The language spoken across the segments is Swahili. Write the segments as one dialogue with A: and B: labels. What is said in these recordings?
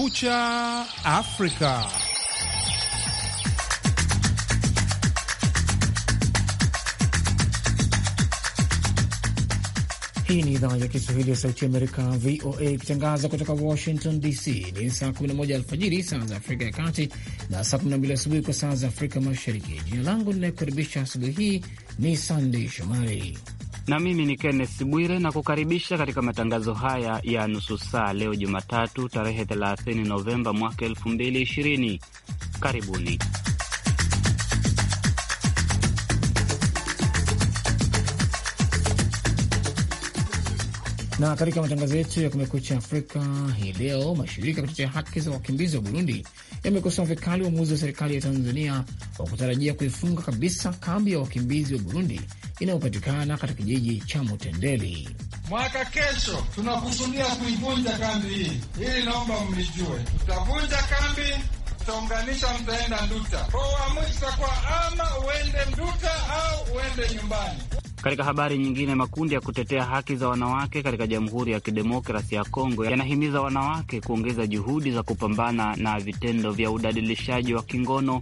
A: Kumekucha Afrika.
B: Hii ni idhaa ya Kiswahili ya Sauti Amerika, VOA, ikitangaza kutoka Washington DC. Ni saa 11 alfajiri saa za Afrika ya Kati na saa 12 asubuhi kwa saa za Afrika Mashariki. Jina langu linayokaribisha asubuhi hii ni Sandey Shomari
C: na mimi ni Kenneth Bwire na kukaribisha katika matangazo haya ya nusu saa leo Jumatatu tarehe 30 Novemba mwaka 2020. Karibuni.
B: Na katika matangazo yetu ya Kumekucha Afrika hii leo, mashirika kutetea haki za wakimbizi wa Burundi yamekosoa vikali uamuzi wa serikali ya Tanzania wa kutarajia kuifunga kabisa kambi ya wakimbizi wa Burundi inayopatikana katika kijiji cha Mutendeli.
D: Mwaka kesho tunakusudia kuivunja
E: kambi hii, ili naomba mlijue, tutavunja kambi tutaunganisha, mtaenda Nduta. Kwa uamuzi utakuwa ama uende Nduta au uende nyumbani.
C: Katika habari nyingine, makundi ya kutetea haki za wanawake katika Jamhuri ya Kidemokrasi ya Kongo yanahimiza wanawake kuongeza juhudi za kupambana na vitendo vya udadilishaji wa kingono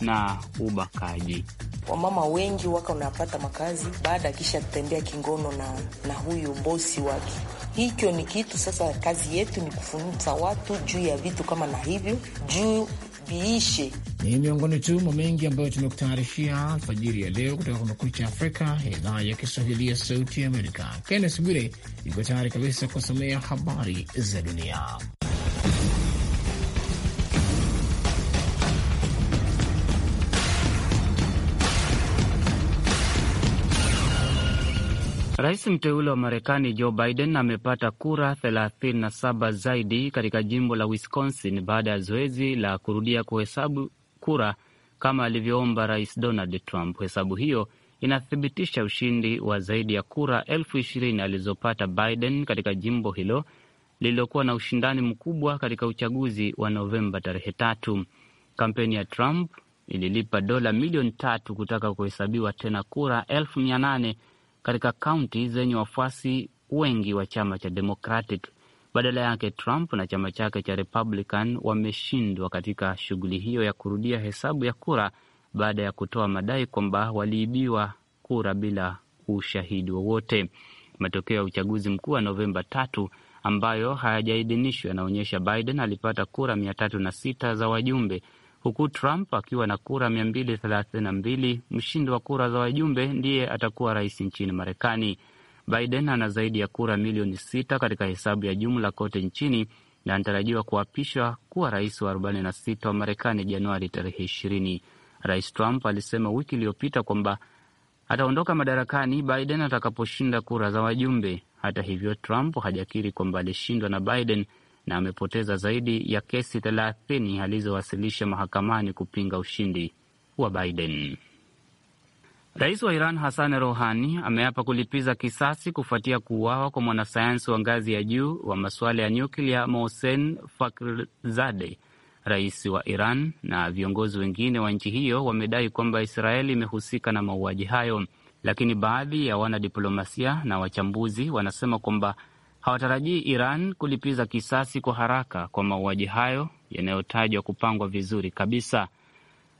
C: na ubakaji.
B: Wamama wengi waka unapata makazi baada akisha tembea kingono na, na huyu bosi wake. Hicho ni kitu sasa, kazi yetu ni kufunza watu juu ya vitu kama na hivyo juu viishe. Ni miongoni tu mwa mengi ambayo tumekutayarishia alfajiri ya leo kutoka Kumekucha Afrika idhaa ya Kiswahili ya Sauti ya Amerika. Kennes Bwire iko tayari kabisa kusomea habari za dunia.
C: Rais mteule wa Marekani Joe Biden amepata kura 37 zaidi katika jimbo la Wisconsin baada ya zoezi la kurudia kuhesabu kura kama alivyoomba Rais Donald Trump. Hesabu hiyo inathibitisha ushindi wa zaidi ya kura elfu ishirini alizopata Biden katika jimbo hilo lililokuwa na ushindani mkubwa katika uchaguzi wa Novemba tarehe tatu. Kampeni ya Trump ililipa dola milioni tatu kutaka kuhesabiwa tena kura elfu mia nane katika kaunti zenye wafuasi wengi wa chama cha Democratic. Badala yake Trump na chama chake cha Republican wameshindwa katika shughuli hiyo ya kurudia hesabu ya kura baada ya kutoa madai kwamba waliibiwa kura bila ushahidi wowote. Matokeo ya uchaguzi mkuu wa Novemba tatu ambayo hayajaidhinishwa yanaonyesha Biden alipata kura mia tatu na sita za wajumbe huku Trump akiwa na kura 232. Mshindi wa kura za wajumbe ndiye atakuwa rais nchini Marekani. Biden ana zaidi ya kura milioni sita katika hesabu ya jumla kote nchini na anatarajiwa kuapishwa kuwa rais wa 46 wa Marekani Januari tarehe 20. Rais Trump alisema wiki iliyopita kwamba ataondoka madarakani Biden atakaposhinda kura za wajumbe. Hata hivyo, Trump hajakiri kwamba alishindwa na Biden na amepoteza zaidi ya kesi thelathini alizowasilisha mahakamani kupinga ushindi wa Biden. Rais wa Iran Hassan Rohani ameapa kulipiza kisasi kufuatia kuuawa kwa mwanasayansi wa ngazi ya juu wa masuala ya nyuklia Mohsen Fakhrizadeh. Rais wa Iran na viongozi wengine wa nchi hiyo wamedai kwamba Israeli imehusika na mauaji hayo, lakini baadhi ya wanadiplomasia na wachambuzi wanasema kwamba hawatarajii Iran kulipiza kisasi kwa haraka kwa mauaji hayo yanayotajwa kupangwa vizuri kabisa.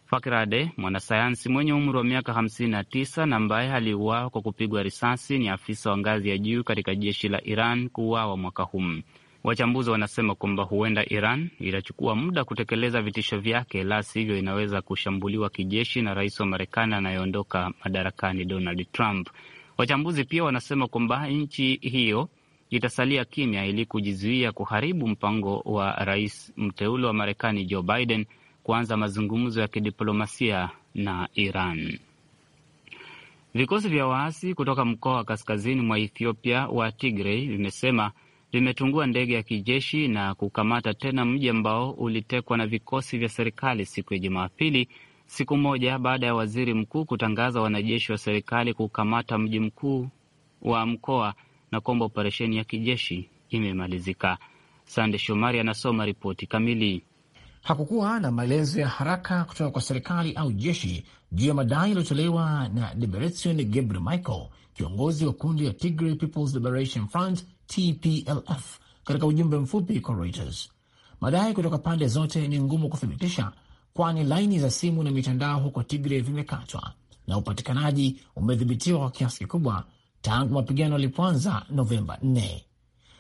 C: Fakrade, mwanasayansi mwenye umri wa miaka 59 na ambaye aliuawa kwa kupigwa risasi, ni afisa wa ngazi ya juu katika jeshi la Iran kuuawa mwaka humu. Wachambuzi wanasema kwamba huenda Iran itachukua muda kutekeleza vitisho vyake, la sivyo inaweza kushambuliwa kijeshi na rais wa Marekani anayeondoka madarakani Donald Trump. Wachambuzi pia wanasema kwamba nchi hiyo itasalia kimya ili kujizuia kuharibu mpango wa rais mteule wa Marekani Joe Biden kuanza mazungumzo ya kidiplomasia na Iran. Vikosi vya waasi kutoka mkoa wa kaskazini mwa Ethiopia wa Tigray vimesema vimetungua ndege ya kijeshi na kukamata tena mji ambao ulitekwa na vikosi vya serikali siku ya Jumapili, siku moja baada ya waziri mkuu kutangaza wanajeshi wa serikali kukamata mji mkuu wa mkoa na kwamba operesheni ya kijeshi imemalizika. Sande Shomari anasoma ripoti kamili.
B: Hakukuwa na maelezo ya haraka kutoka kwa serikali au jeshi juu ya madai yaliyotolewa na Debretsion Gebre Michael, kiongozi wa kundi la Tigray People's Liberation Front TPLF, katika ujumbe mfupi kwa Reuters. Madai kutoka pande zote ni ngumu kuthibitisha, kwani laini za simu na mitandao huko Tigray vimekatwa na upatikanaji umedhibitiwa kwa kiasi kikubwa tangu mapigano yalipoanza Novemba 4.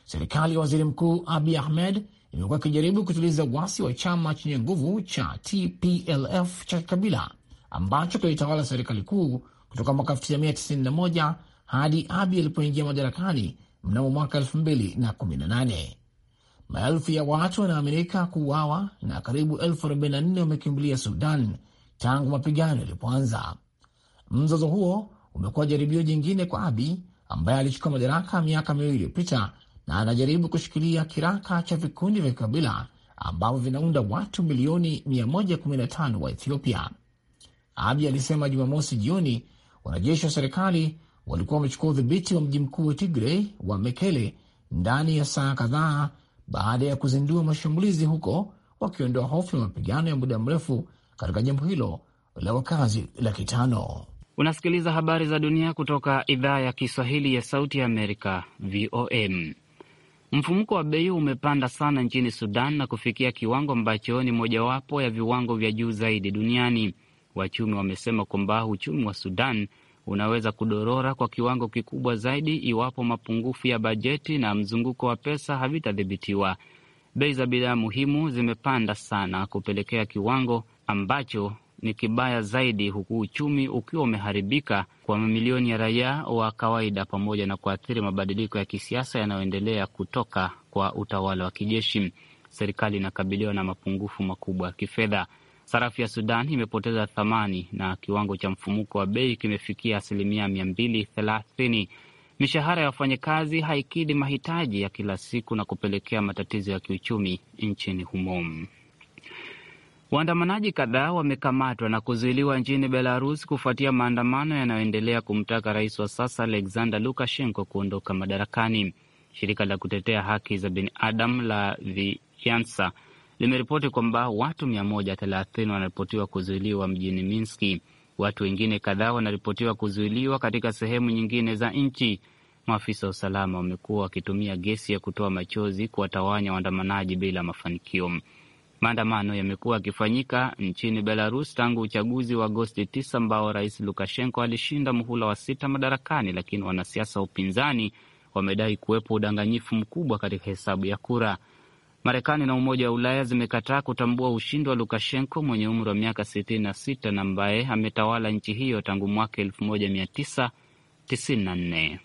B: Serikali ya waziri mkuu Abi Ahmed imekuwa ikijaribu kutuliza wasi wa chama chenye nguvu cha TPLF cha kikabila ambacho kilitawala serikali kuu kutoka mwaka 1991 hadi Abi alipoingia madarakani mnamo mwaka 2018. Maelfu ya watu wanaaminika kuuawa na karibu 44 wamekimbilia Sudan tangu mapigano yalipoanza. Mzozo huo umekuwa jaribio jingine kwa Abi ambaye alichukua madaraka miaka miwili iliyopita na anajaribu kushikilia kiraka cha vikundi vya kikabila ambavyo vinaunda watu milioni 115 wa Ethiopia. Abi alisema Jumamosi jioni wanajeshi wa serikali walikuwa wamechukua udhibiti wa mji mkuu wa tigrey wa Mekele ndani ya saa kadhaa baada ya kuzindua mashambulizi huko, wakiondoa hofu ya mapigano ya muda mrefu katika jimbo hilo la wakazi laki tano.
C: Unasikiliza habari za dunia kutoka idhaa ya Kiswahili ya Sauti ya Amerika, VOM. Mfumuko wa bei umepanda sana nchini Sudan na kufikia kiwango ambacho ni mojawapo ya viwango vya juu zaidi duniani. Wachumi wamesema kwamba uchumi wa Sudan unaweza kudorora kwa kiwango kikubwa zaidi iwapo mapungufu ya bajeti na mzunguko wa pesa havitadhibitiwa. Bei za bidhaa muhimu zimepanda sana kupelekea kiwango ambacho ni kibaya zaidi, huku uchumi ukiwa umeharibika kwa mamilioni ya raia wa kawaida, pamoja na kuathiri mabadiliko ya kisiasa yanayoendelea kutoka kwa utawala wa kijeshi. Serikali inakabiliwa na mapungufu makubwa ya kifedha. Sarafu ya Sudan imepoteza thamani na kiwango cha mfumuko wa bei kimefikia asilimia mia mbili thelathini. Mishahara ya wafanyakazi haikidhi mahitaji ya kila siku na kupelekea matatizo ya kiuchumi nchini humo. Waandamanaji kadhaa wamekamatwa na kuzuiliwa nchini Belarus kufuatia maandamano yanayoendelea kumtaka rais wa sasa Alexander Lukashenko kuondoka madarakani. Shirika la kutetea haki za binadamu la Viansa limeripoti kwamba watu 130 wanaripotiwa kuzuiliwa mjini Minski. Watu wengine kadhaa wanaripotiwa kuzuiliwa katika sehemu nyingine za nchi. Maafisa wa usalama wamekuwa wakitumia gesi ya kutoa machozi kuwatawanya waandamanaji bila mafanikio. Maandamano yamekuwa yakifanyika nchini Belarus tangu uchaguzi wa Agosti 9 ambao rais Lukashenko alishinda muhula wa sita madarakani, lakini wanasiasa wa upinzani wamedai kuwepo udanganyifu mkubwa katika hesabu ya kura. Marekani na Umoja wa Ulaya zimekataa kutambua ushindi wa Lukashenko mwenye umri wa miaka 66 na ambaye ametawala nchi hiyo tangu mwaka 1994.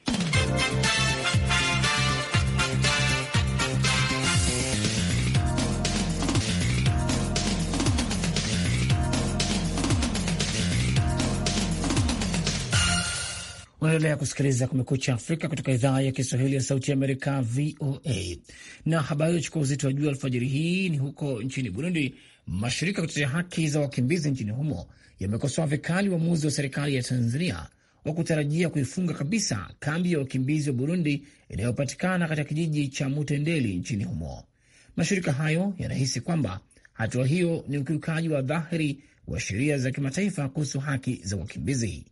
B: Unaendelea kusikiliza Kumekucha Afrika kutoka idhaa ya Kiswahili ya Sauti ya Amerika, VOA. Na habari iliyochukua uzito wa juu alfajiri hii ni huko nchini Burundi. Mashirika ya kutetea haki za wakimbizi nchini humo yamekosoa vikali uamuzi wa serikali ya Tanzania wa kutarajia kuifunga kabisa kambi ya wakimbizi wa Burundi inayopatikana katika kijiji cha Mutendeli nchini humo. Mashirika hayo yanahisi kwamba hatua hiyo ni ukiukaji wa dhahiri wa sheria za kimataifa kuhusu haki za wakimbizi.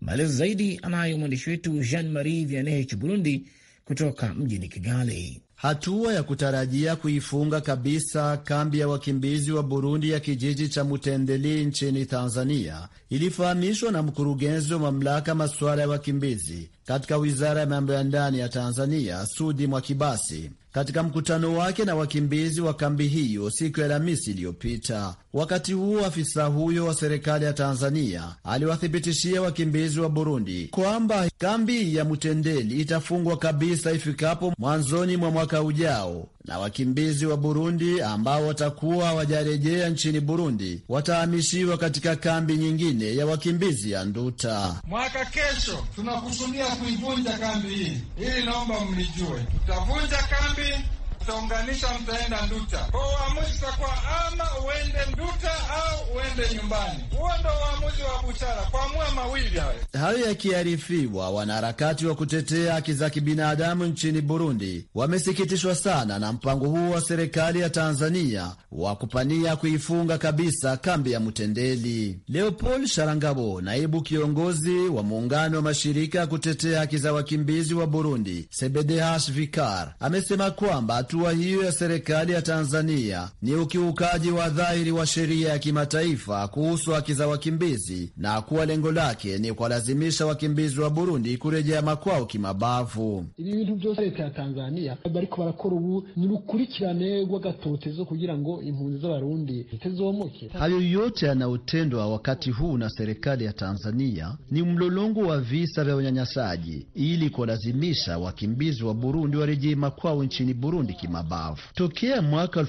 B: Maelezo zaidi anayo mwandishi
F: wetu Jean Marie Vianney Burundi kutoka mjini Kigali. Hatua ya kutarajia kuifunga kabisa kambi ya wakimbizi wa Burundi ya kijiji cha Mutendeli nchini Tanzania ilifahamishwa na mkurugenzi wa mamlaka masuala ya wakimbizi katika wizara ya mambo ya ndani ya Tanzania, Sudi Mwakibasi katika mkutano wake na wakimbizi wa kambi hiyo siku ya Alhamisi iliyopita. Wakati huo afisa huyo wa serikali ya Tanzania aliwathibitishia wakimbizi wa Burundi kwamba kambi ya Mutendeli itafungwa kabisa ifikapo mwanzoni mwa mwaka ujao na wakimbizi wa Burundi ambao watakuwa wajarejea nchini Burundi watahamishiwa katika kambi nyingine ya wakimbizi ya Nduta.
A: Mwaka kesho tunakusudia
E: kuivunja kambi hii, ili naomba mlijue, tutavunja kambi tutaunganisha, mtaenda Nduta. Kwa uamuzi utakuwa ama uende Nduta au uende nyumbani. Huo ndo uamuzi wa Buchara, kuamua mawili hayo.
F: Hayo yakiarifiwa, wanaharakati wa kutetea haki za kibinadamu nchini Burundi wamesikitishwa sana na mpango huo wa serikali ya Tanzania wa kupania kuifunga kabisa kambi ya Mutendeli. Leopold Sharangabo, naibu kiongozi wa muungano wa mashirika ya kutetea haki za wakimbizi wa Burundi, CBDH Vikar, amesema kwamba hatua hiyo ya serikali ya Tanzania ni ukiukaji wa dhahiri wa sheria ya kimataifa kuhusu haki za wakimbizi na kuwa lengo lake ni kuwalazimisha wakimbizi wa Burundi kurejea makwao kimabavu. Ibi bintu byose leta ya Tanzania bariko barakora ubu ni urukurikirane rw'agatotezo kugira ngo impunzi z'abarundi zitezomoke. Hayo yote yanayotendwa wakati huu na serikali ya Tanzania ni mlolongo wa visa vya unyanyasaji ili kuwalazimisha wakimbizi wa Burundi warejee makwao nchini Burundi kimabavu. Tokea mwaka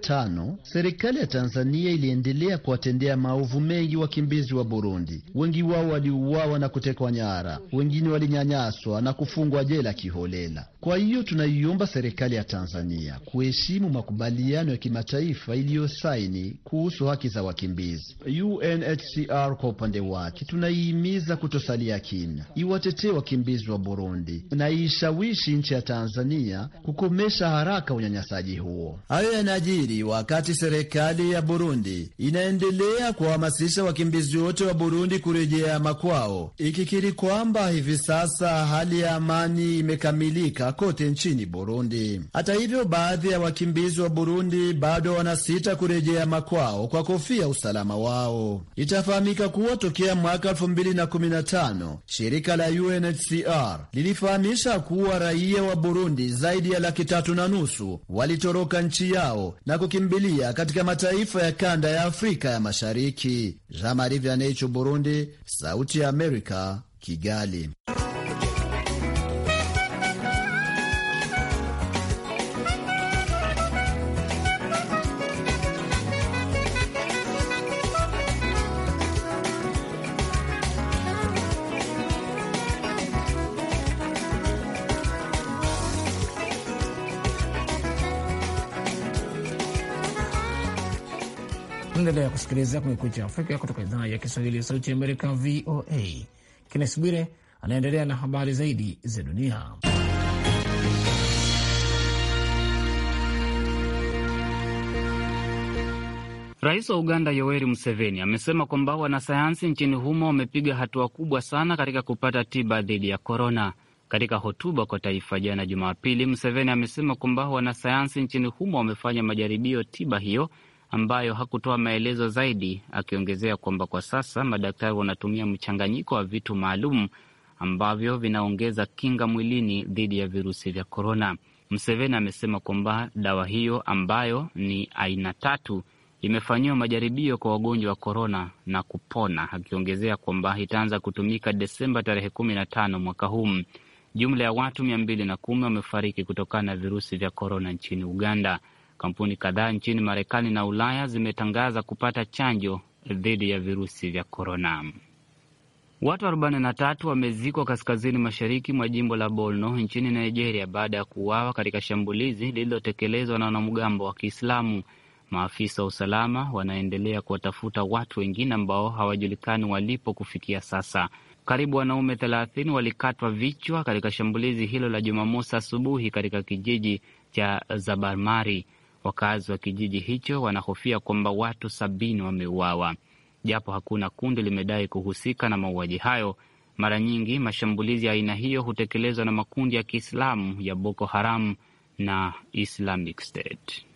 F: tano serikali ya Tanzania iliendelea kuwatendea maovu mengi wakimbizi wa Burundi. Wengi wao waliuawa na kutekwa nyara, wengine walinyanyaswa na kufungwa jela kiholela. Kwa hiyo tunaiomba serikali ya Tanzania kuheshimu makubaliano ya kimataifa iliyosaini kuhusu haki za wakimbizi. UNHCR kwa upande wake, tunaihimiza kutosalia kimya, iwatetee wakimbizi wa Burundi na iishawishi nchi ya Tanzania kukomesha kukomesha haraka unyanyasaji huo. Hayo yanajiri wakati serikali ya Burundi inaendelea kuwahamasisha wakimbizi wote wa Burundi kurejea makwao, ikikiri kwamba hivi sasa hali ya amani imekamilika kote nchini Burundi. Hata hivyo, baadhi ya wakimbizi wa Burundi bado wanasita kurejea makwao kwa kofia usalama wao. Itafahamika kuwa tokea mwaka 2015 shirika la UNHCR lilifahamisha kuwa raia wa Burundi zaidi ya laki laki tatu na nusu walitoroka nchi yao na kukimbilia katika mataifa ya kanda ya Afrika ya Mashariki. Jean Marie Burundi, Sauti ya Amerika, Kigali.
B: Unaendelea kusikiliza Kumekucha Afrika kutoka idhaa ya Kiswahili ya Sauti ya Amerika, VOA. Kennes Bwire anaendelea na habari zaidi za dunia.
C: Rais wa Uganda Yoweri Museveni amesema kwamba wanasayansi nchini humo wamepiga hatua kubwa sana katika kupata tiba dhidi ya korona. Katika hotuba kwa taifa jana Jumapili, Museveni amesema kwamba wanasayansi nchini humo wamefanya majaribio tiba hiyo ambayo hakutoa maelezo zaidi, akiongezea kwamba kwa sasa madaktari wanatumia mchanganyiko wa vitu maalum ambavyo vinaongeza kinga mwilini dhidi ya virusi vya korona. Museveni amesema kwamba dawa hiyo ambayo ni aina tatu imefanyiwa majaribio kwa wagonjwa wa korona na kupona, akiongezea kwamba itaanza kutumika Desemba tarehe kumi na tano mwaka huu. Jumla ya watu mia mbili na kumi wamefariki kutokana na virusi vya korona nchini Uganda. Kampuni kadhaa nchini Marekani na Ulaya zimetangaza kupata chanjo dhidi ya virusi vya korona. Watu 43 wamezikwa kaskazini mashariki mwa jimbo la Borno nchini Nigeria baada ya kuuawa katika shambulizi lililotekelezwa na wanamgambo wa Kiislamu. Maafisa wa usalama wanaendelea kuwatafuta watu wengine ambao hawajulikani walipo kufikia sasa. Karibu wanaume 30 walikatwa vichwa katika shambulizi hilo la Jumamosi asubuhi katika kijiji cha Zabarmari. Wakazi wa kijiji hicho wanahofia kwamba watu sabini wameuawa. Japo hakuna kundi limedai kuhusika na mauaji hayo, mara nyingi mashambulizi ya aina hiyo hutekelezwa na makundi ya Kiislamu ya Boko Haram na Islamic State.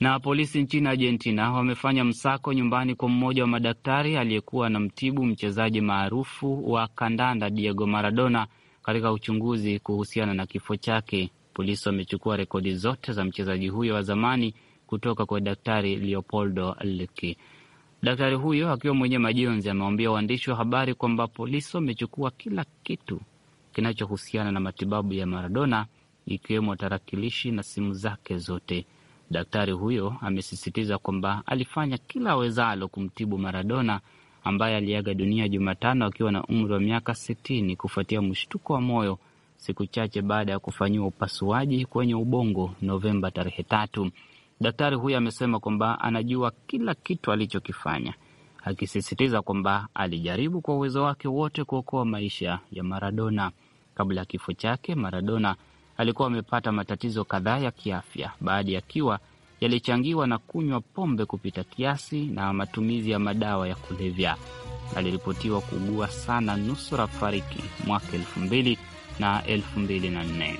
C: Na polisi nchini Argentina wamefanya msako nyumbani kwa mmoja wa madaktari aliyekuwa na mtibu mchezaji maarufu wa kandanda Diego Maradona katika uchunguzi kuhusiana na kifo chake. Polisi wamechukua rekodi zote za mchezaji huyo wa zamani kutoka kwa Daktari Leopoldo lki Daktari huyo akiwa mwenye majonzi amewambia waandishi wa habari kwamba polisi wamechukua kila kitu kinachohusiana na matibabu ya Maradona, ikiwemo tarakilishi na simu zake zote. Daktari huyo amesisitiza kwamba alifanya kila awezalo kumtibu Maradona ambaye aliaga dunia Jumatano akiwa na umri wa miaka sitini kufuatia mshtuko wa moyo siku chache baada ya kufanyiwa upasuaji kwenye ubongo Novemba tarehe tatu. Daktari huyo amesema kwamba anajua kila kitu alichokifanya, akisisitiza kwamba alijaribu kwa uwezo wake wote kuokoa maisha ya Maradona. Kabla ya kifo chake, Maradona alikuwa amepata matatizo kadhaa ya kiafya, baadhi yakiwa yalichangiwa na kunywa pombe kupita kiasi na matumizi ya madawa ya kulevya. Aliripotiwa kuugua sana nusura fariki mwaka elfu mbili na 2004.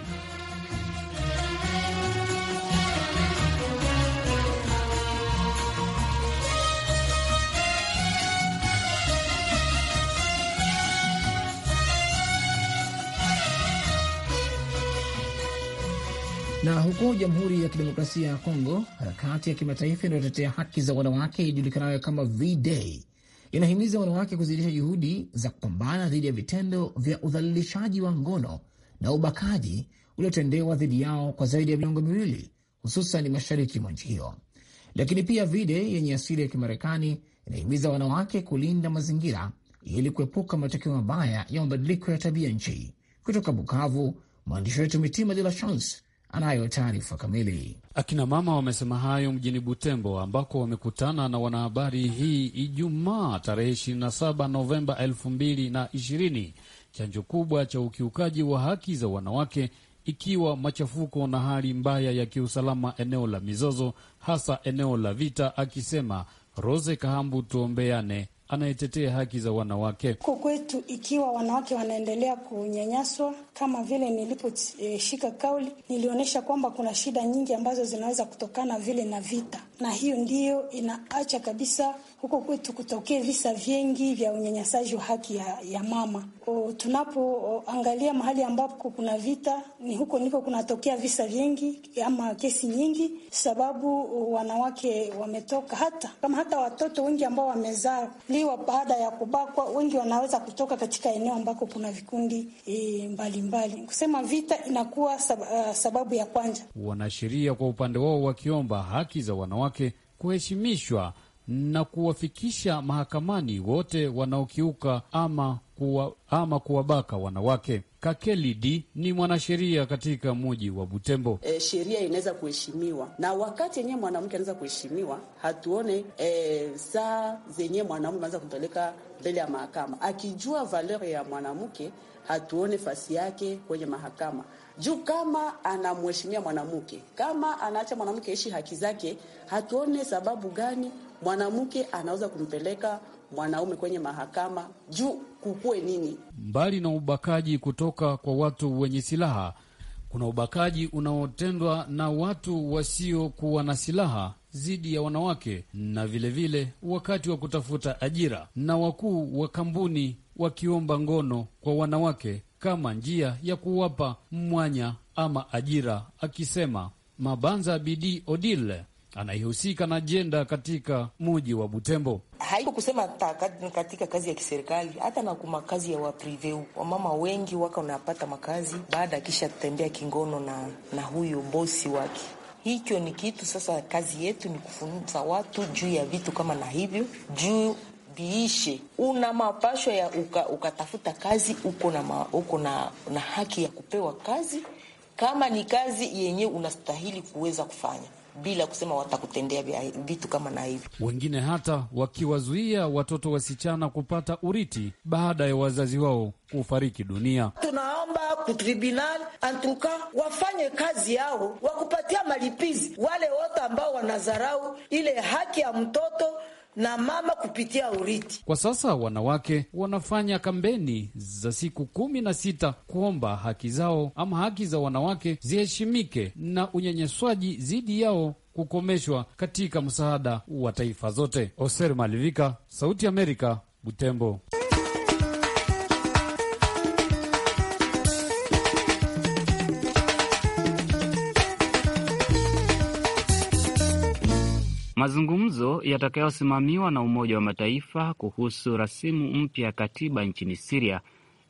B: Na huko Jamhuri ya Kidemokrasia ya Kongo, harakati ya kimataifa inayotetea haki za wanawake ijulikanayo kama V-Day inahimiza wanawake kuzidisha juhudi za kupambana dhidi ya vitendo vya udhalilishaji wa ngono na ubakaji uliotendewa dhidi yao kwa zaidi ya miongo miwili, hususan mashariki mwa nchi hiyo. Lakini pia vide yenye asili ya Kimarekani inahimiza wanawake kulinda mazingira ili kuepuka matokeo mabaya ya mabadiliko ya tabia nchi. Kutoka Bukavu, mwandishi wetu Mitima De La Chance anayo taarifa kamili.
D: Akina mama wamesema hayo mjini Butembo, ambako wamekutana na wanahabari hii Ijumaa tarehe 27 Novemba 2020. Chanjo kubwa cha ukiukaji wa haki za wanawake ikiwa machafuko na hali mbaya ya kiusalama eneo la mizozo, hasa eneo la vita, akisema Rose Kahambu. Tuombeane anayetetea haki za wanawake.
C: Huko kwetu, ikiwa wanawake wanaendelea kunyanyaswa, kama vile niliposhika kauli, nilionyesha kwamba kuna shida nyingi ambazo zinaweza kutokana vile na vita, na hiyo ndiyo inaacha kabisa huko kwetu kutokea visa vingi vya unyanyasaji wa haki ya, ya mama. Tunapoangalia mahali ambapo kuna vita, ni huko ndiko kunatokea visa vingi ama kesi nyingi, sababu wanawake wametoka, hata kama hata watoto wengi ambao wamezaliwa baada ya kubakwa, wengi wanaweza kutoka katika eneo ambako kuna vikundi mbalimbali e, mbali. Kusema vita inakuwa sab, uh, sababu ya kwanza.
D: Wanasheria kwa upande wao wakiomba haki za wanawake kuheshimishwa na kuwafikisha mahakamani wote wanaokiuka ama kuwa, ama kuwabaka wanawake. Kakeli D ni mwanasheria katika muji wa Butembo.
C: E, sheria inaweza kuheshimiwa na wakati yenyewe mwanamke anaweza kuheshimiwa, hatuone e, saa zenyewe mwanamke anaweza kumpeleka mbele ya mahakama akijua valeri ya mwanamke, hatuone fasi yake kwenye mahakama juu kama anamheshimia mwanamke, kama anaacha mwanamke aishi haki zake, hatuone sababu gani mwanamke anaweza kumpeleka mwanaume kwenye mahakama juu kukue nini.
D: Mbali na ubakaji kutoka kwa watu wenye silaha, kuna ubakaji unaotendwa na watu wasiokuwa na silaha dhidi ya wanawake na vilevile vile, wakati wa kutafuta ajira na wakuu wa kampuni wakiomba ngono kwa wanawake kama njia ya kuwapa mwanya ama ajira, akisema Mabanza Bidii Odile anayehusika na jenda katika muji wa Butembo.
B: Haiko kusema katika kazi ya kiserikali, hata na kuma kazi ya waprive. Wamama wengi waka unapata makazi baada akisha tembea kingono na, na huyo bosi wake. Hicho ni kitu sasa, kazi yetu ni kufunza watu juu ya vitu kama na hivyo juu viishe. Una mapashwa ya uka, ukatafuta kazi uko na, ma, uko na, na haki ya kupewa kazi kama ni kazi yenye unastahili kuweza kufanya bila kusema watakutendea vitu kama na hivi.
D: Wengine hata wakiwazuia watoto wasichana kupata urithi baada ya wazazi wao kufariki dunia.
B: Tunaomba kutribunal antuka wafanye kazi yao, wakupatia malipizi wale wote ambao wanadharau ile haki ya mtoto na mama kupitia urithi.
D: Kwa sasa wanawake wanafanya kampeni za siku kumi na sita kuomba haki zao ama haki za wanawake ziheshimike na unyenyeswaji dhidi yao kukomeshwa katika msaada wa taifa zote. Oser Malivika, Sauti Amerika, Butembo.
C: mazungumzo yatakayosimamiwa na Umoja wa Mataifa kuhusu rasimu mpya ya katiba nchini Siria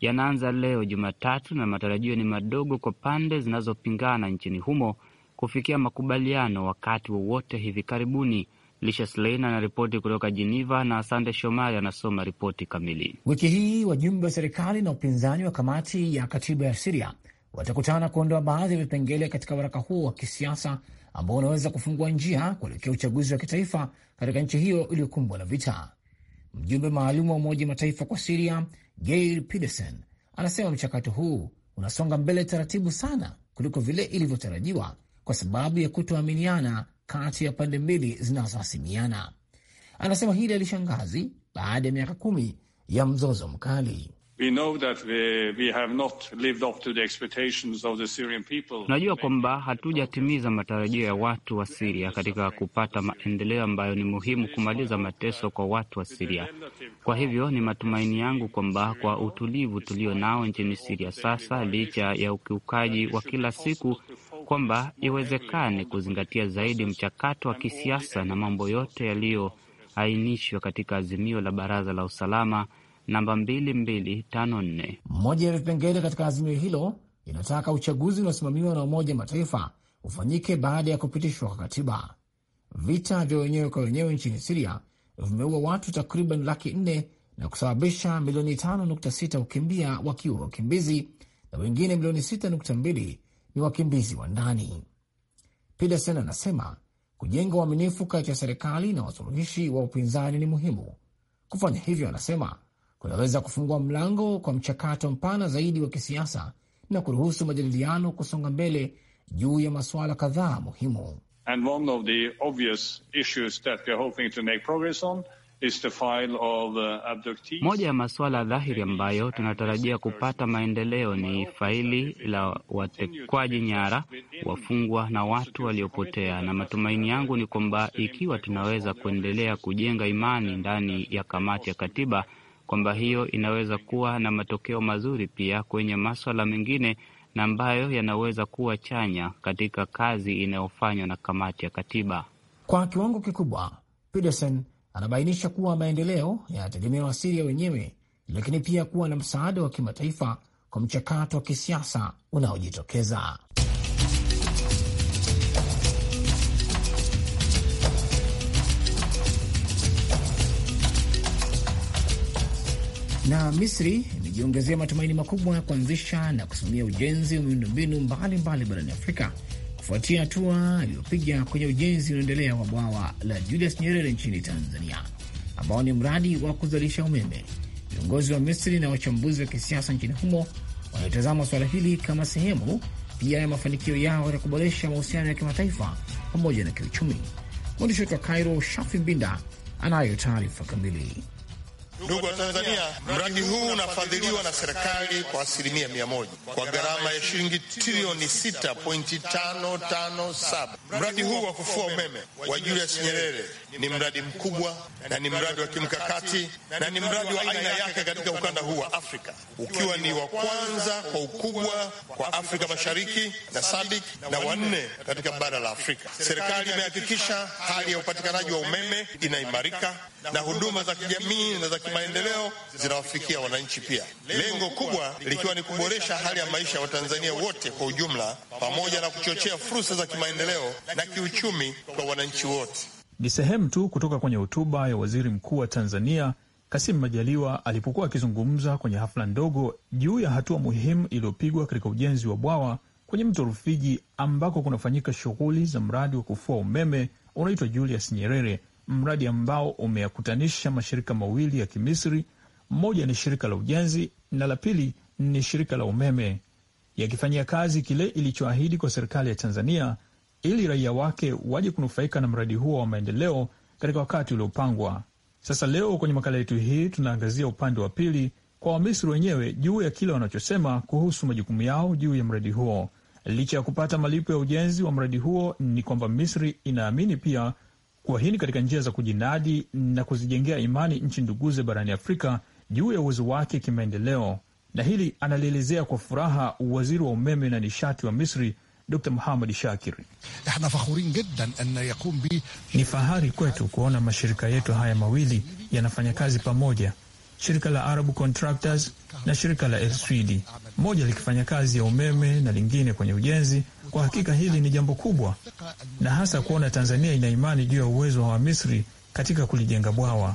C: yanaanza leo Jumatatu, na matarajio ni madogo kwa pande zinazopingana nchini humo kufikia makubaliano wakati wowote hivi karibuni. Lisha Slein anaripoti kutoka Jeneva na sande Shomari anasoma ripoti kamili.
B: Wiki hii wajumbe wa serikali na upinzani wa kamati ya katiba ya Siria watakutana kuondoa baadhi ya vipengele katika waraka huo wa kisiasa ambao unaweza kufungua njia kuelekea uchaguzi wa kitaifa katika nchi hiyo iliyokumbwa na vita. Mjumbe maalum wa Umoja Mataifa kwa Siria Gail Pedersen anasema mchakato huu unasonga mbele taratibu sana kuliko vile ilivyotarajiwa kwa sababu ya kutoaminiana kati ya pande mbili zinazohasimiana. Anasema hili alishangazi baada ya miaka kumi ya mzozo mkali.
C: Tunajua kwamba hatujatimiza matarajio ya watu wa Siria katika kupata maendeleo ambayo ni muhimu kumaliza mateso kwa watu wa Siria. Kwa hivyo ni matumaini yangu kwamba kwa utulivu tulio nao nchini Siria sasa, licha ya ukiukaji wa kila siku, kwamba iwezekane kuzingatia zaidi mchakato wa kisiasa na mambo yote yaliyoainishwa katika azimio la Baraza la Usalama namba 2254.
B: Moja ya vipengele katika azimio hilo inataka uchaguzi unaosimamiwa na Umoja Mataifa ufanyike baada ya kupitishwa kwa katiba. Vita vya wenyewe kwa wenyewe nchini Siria vimeua watu takriban laki nne na kusababisha milioni 5.6 kukimbia wakiwa wakimbizi na wengine milioni 6.2 ni wakimbizi wa ndani. Pedersen anasema kujenga uaminifu kati ya serikali na wasuluhishi wa upinzani ni muhimu. Kufanya hivyo, anasema kunaweza kufungua mlango kwa mchakato mpana zaidi wa kisiasa na kuruhusu majadiliano kusonga mbele juu ya masuala kadhaa muhimu.
A: Moja ya
C: masuala dhahiri ambayo tunatarajia kupata maendeleo ni faili la watekwaji nyara, wafungwa na watu waliopotea, na matumaini yangu ni kwamba ikiwa tunaweza kuendelea kujenga imani ndani ya kamati ya katiba kwamba hiyo inaweza kuwa na matokeo mazuri pia kwenye maswala mengine na ambayo yanaweza kuwa chanya katika kazi inayofanywa na kamati ya katiba.
B: Kwa kiwango kikubwa, Peterson anabainisha kuwa maendeleo yanategemewa Siria wenyewe, lakini pia kuwa na msaada wa kimataifa kwa mchakato wa kisiasa unaojitokeza. Na Misri imejiongezea matumaini makubwa ya kuanzisha na kusimamia ujenzi wa miundombinu mbalimbali barani Afrika kufuatia hatua iliyopiga kwenye ujenzi unaoendelea wa bwawa la Julius Nyerere nchini Tanzania, ambao ni mradi wa kuzalisha umeme. Viongozi wa Misri na wachambuzi wa kisiasa nchini humo wanaotazama suala hili kama sehemu pia ya mafanikio yao ya kuboresha mahusiano ya kimataifa pamoja na kiuchumi. Mwandishi wetu wa Kairo, Shafi Mbinda, anayo taarifa kamili.
A: Ndugu wa Tanzania, mradi huu unafadhiliwa na serikali kwa asilimia mia moja kwa gharama ya shilingi trilioni saba. Mradi huu wa kufua umeme wa Julius Nyerere ni mradi mkubwa na ni mradi wa kimkakati na ni mradi wa aina yake katika ukanda huu wa Afrika, ukiwa ni wa kwanza kwa ukubwa kwa Afrika Mashariki na SADC na wanne katika bara la Afrika. Serikali imehakikisha hali ya upatikanaji wa umeme inaimarika na huduma za kijamii na za kimaendeleo zinawafikia wananchi pia, lengo kubwa likiwa ni kuboresha hali ya maisha ya Watanzania wote kwa ujumla, pamoja na kuchochea fursa za kimaendeleo na kiuchumi kwa wananchi wote.
E: Ni sehemu tu kutoka kwenye hotuba ya Waziri Mkuu wa Tanzania Kasim Majaliwa alipokuwa akizungumza kwenye hafla ndogo juu ya hatua muhimu iliyopigwa katika ujenzi wa bwawa kwenye mto Rufiji ambako kunafanyika shughuli za mradi wa kufua umeme unaoitwa Julius Nyerere mradi ambao umeyakutanisha mashirika mawili ya Kimisri, mmoja ni shirika la ujenzi na la pili ni shirika la umeme, yakifanyia kazi kile ilichoahidi kwa serikali ya Tanzania ili raia wake waje kunufaika na mradi huo wa maendeleo katika wakati uliopangwa. Sasa leo kwenye makala yetu hii tunaangazia upande wa pili kwa Wamisri wenyewe juu ya kile wanachosema kuhusu majukumu yao juu ya mradi huo. Licha ya kupata malipo ya ujenzi wa mradi huo, ni kwamba Misri inaamini pia kwa ni katika njia za kujinadi na kuzijengea imani nchi nduguze barani Afrika juu ya uwezo wake kimaendeleo, na hili analielezea kwa furaha waziri wa umeme na nishati wa Misri Dr muhammad Shakir. Ni fahari kwetu kuona mashirika yetu haya mawili yanafanya kazi pamoja, shirika la Arab Contractors na shirika la Elswidi, moja likifanya kazi ya umeme na lingine kwenye ujenzi kwa hakika hili ni jambo kubwa, na hasa kuona Tanzania ina imani juu ya uwezo wa Wamisri katika kulijenga bwawa.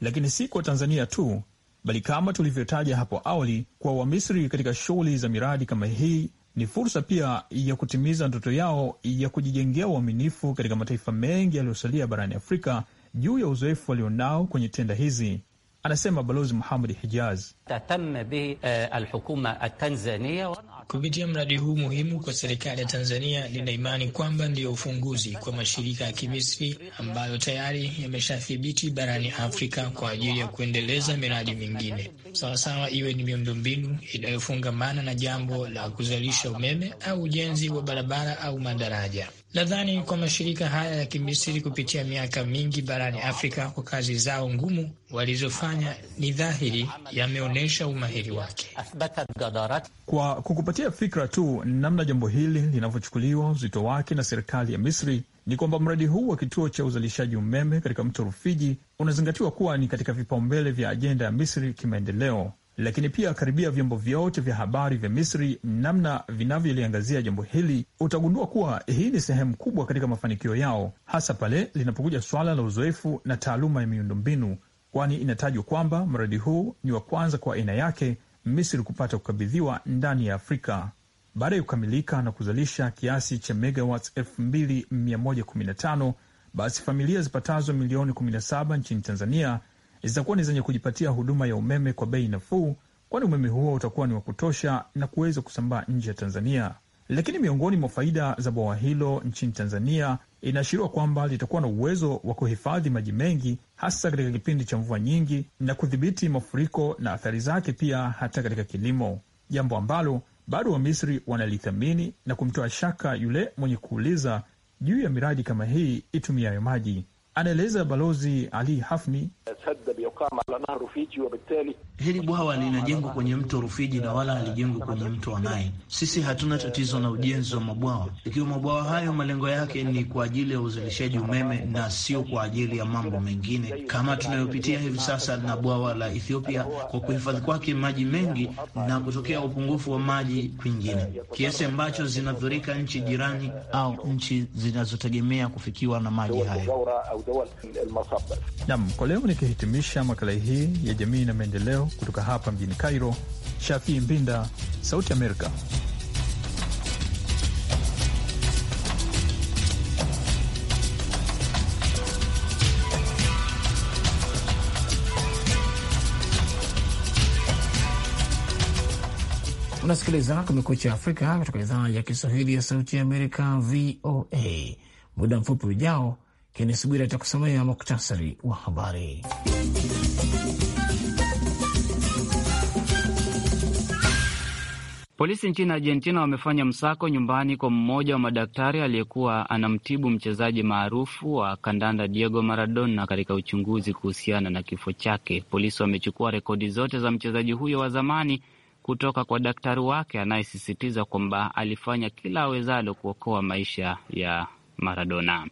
E: Lakini si kwa Tanzania tu, bali kama tulivyotaja hapo awali, kwa Wamisri katika shughuli za miradi kama hii ni fursa pia ya kutimiza ndoto yao ya kujijengea uaminifu katika mataifa mengi yaliyosalia barani Afrika juu ya uzoefu walionao kwenye tenda hizi. Anasema Balozi Muhammad Hijaz.
C: Kupitia mradi huu muhimu kwa serikali ya Tanzania, lina
B: imani kwamba ndiyo ufunguzi kwa mashirika ya kimisri ambayo tayari yameshathibiti barani Afrika kwa ajili ya kuendeleza miradi mingine sawasawa, iwe ni miundombinu inayofungamana na jambo la kuzalisha umeme au ujenzi wa barabara au madaraja. Nadhani kwa mashirika haya ya kimisri kupitia miaka mingi barani Afrika kwa kazi zao ngumu walizofanya, ni dhahiri yameonyesha umahiri wake.
E: Kwa kukupatia fikra tu namna jambo hili linavyochukuliwa uzito wake na serikali ya Misri, ni kwamba mradi huu wa kituo cha uzalishaji umeme katika mto Rufiji unazingatiwa kuwa ni katika vipaumbele vya ajenda ya Misri kimaendeleo lakini pia karibia vyombo vyote vya habari vya Misri namna vinavyoliangazia jambo hili, utagundua kuwa hii ni sehemu kubwa katika mafanikio yao, hasa pale linapokuja swala la uzoefu na taaluma ya miundombinu, kwani inatajwa kwamba mradi huu ni wa kwanza kwa aina yake Misri kupata kukabidhiwa ndani ya Afrika. Baada ya kukamilika na kuzalisha kiasi cha megawatts 2115 basi familia zipatazo milioni 17 nchini Tanzania zitakuwa ni zenye kujipatia huduma ya umeme kwa bei nafuu, kwani umeme huo utakuwa ni wa kutosha na kuweza kusambaa nje ya Tanzania. Lakini miongoni mwa faida za bwawa hilo nchini Tanzania inaashiriwa kwamba litakuwa na uwezo wa kuhifadhi maji mengi hasa katika kipindi cha mvua nyingi na kudhibiti mafuriko na athari zake pia hata katika kilimo, jambo ambalo bado Wamisri wanalithamini na kumtoa shaka yule mwenye kuuliza juu ya miradi kama hii itumiayo maji, anaeleza Balozi Ali Hafni kama la Rufiji wa Beteli.
F: Hili bwawa linajengwa kwenye mto Rufiji na wala halijengwa kwenye mto wa Nai. Sisi hatuna tatizo na ujenzi wa mabwawa, ikiwa mabwawa
B: hayo malengo yake ni kwa ajili ya uzalishaji umeme na sio kwa ajili ya mambo mengine kama tunayopitia hivi sasa na bwawa la Ethiopia kwa kuhifadhi kwake maji mengi na kutokea upungufu wa maji kwingine kiasi ambacho zinadhurika nchi jirani au nchi zinazotegemea kufikiwa na maji hayo. Naam,
E: kwa leo nikihitimisha makala hii ya jamii na maendeleo kutoka hapa mjini Cairo. Shafii Mbinda, Sauti Amerika.
B: Unasikiliza Kumekucha Afrika kutoka idhaa ya Kiswahili ya Sauti ya Amerika, VOA. Muda mfupi ujao, Kenesi Bwira atakusomea muktasari wa habari.
C: Polisi nchini Argentina wamefanya msako nyumbani kwa mmoja wa madaktari aliyekuwa anamtibu mchezaji maarufu wa kandanda Diego Maradona katika uchunguzi kuhusiana na kifo chake. Polisi wamechukua rekodi zote za mchezaji huyo wa zamani kutoka kwa daktari wake anayesisitiza kwamba alifanya kila awezalo kuokoa maisha ya Maradona.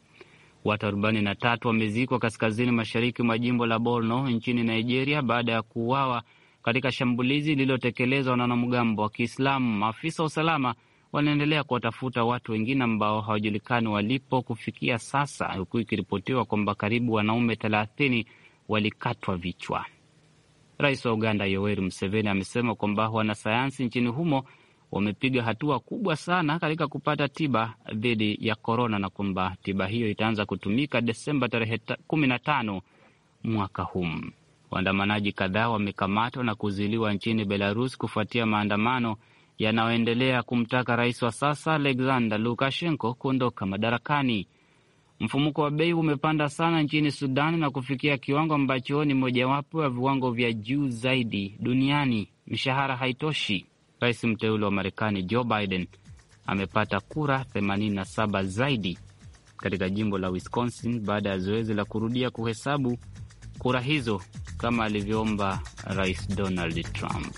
C: Watu tatu wamezikwa kaskazini mashariki mwa jimbo la Borno nchini Nigeria baada ya kuuawa katika shambulizi lililotekelezwa na wanamgambo wa Kiislamu. Maafisa wa usalama wanaendelea kuwatafuta watu wengine ambao hawajulikani walipo kufikia sasa, huku ikiripotiwa kwamba karibu wanaume thelathini walikatwa vichwa. Rais wa Uganda Yoweri Museveni amesema kwamba wanasayansi nchini humo wamepiga hatua kubwa sana katika kupata tiba dhidi ya korona na kwamba tiba hiyo itaanza kutumika Desemba tarehe kumi na tano mwaka huu. Waandamanaji kadhaa wamekamatwa na kuzuiliwa nchini Belarus kufuatia maandamano yanayoendelea kumtaka rais wa sasa Alexander Lukashenko kuondoka madarakani. Mfumuko wa bei umepanda sana nchini Sudan na kufikia kiwango ambacho ni mojawapo ya viwango vya juu zaidi duniani. Mishahara haitoshi. Rais mteule wa Marekani Joe Biden amepata kura 87 zaidi katika jimbo la Wisconsin baada ya zoezi la kurudia kuhesabu kura hizo kama alivyoomba Rais Donald Trump.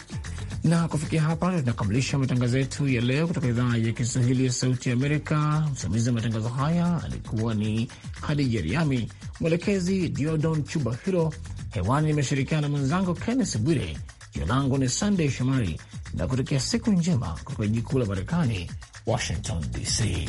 B: Na kufikia hapa tunakamilisha matangazo yetu ya leo kutoka idhaa ya Kiswahili ya Sauti ya Amerika. Msimamizi wa matangazo haya alikuwa ni Hadija Riami, mwelekezi Diodon Chuba Hiro. Hewani nimeshirikiana na mwenzangu Kennes Bwire. Jina langu ni Sandey Shomari na kutokea siku njema kutoka jiji kuu la Marekani, Washington DC.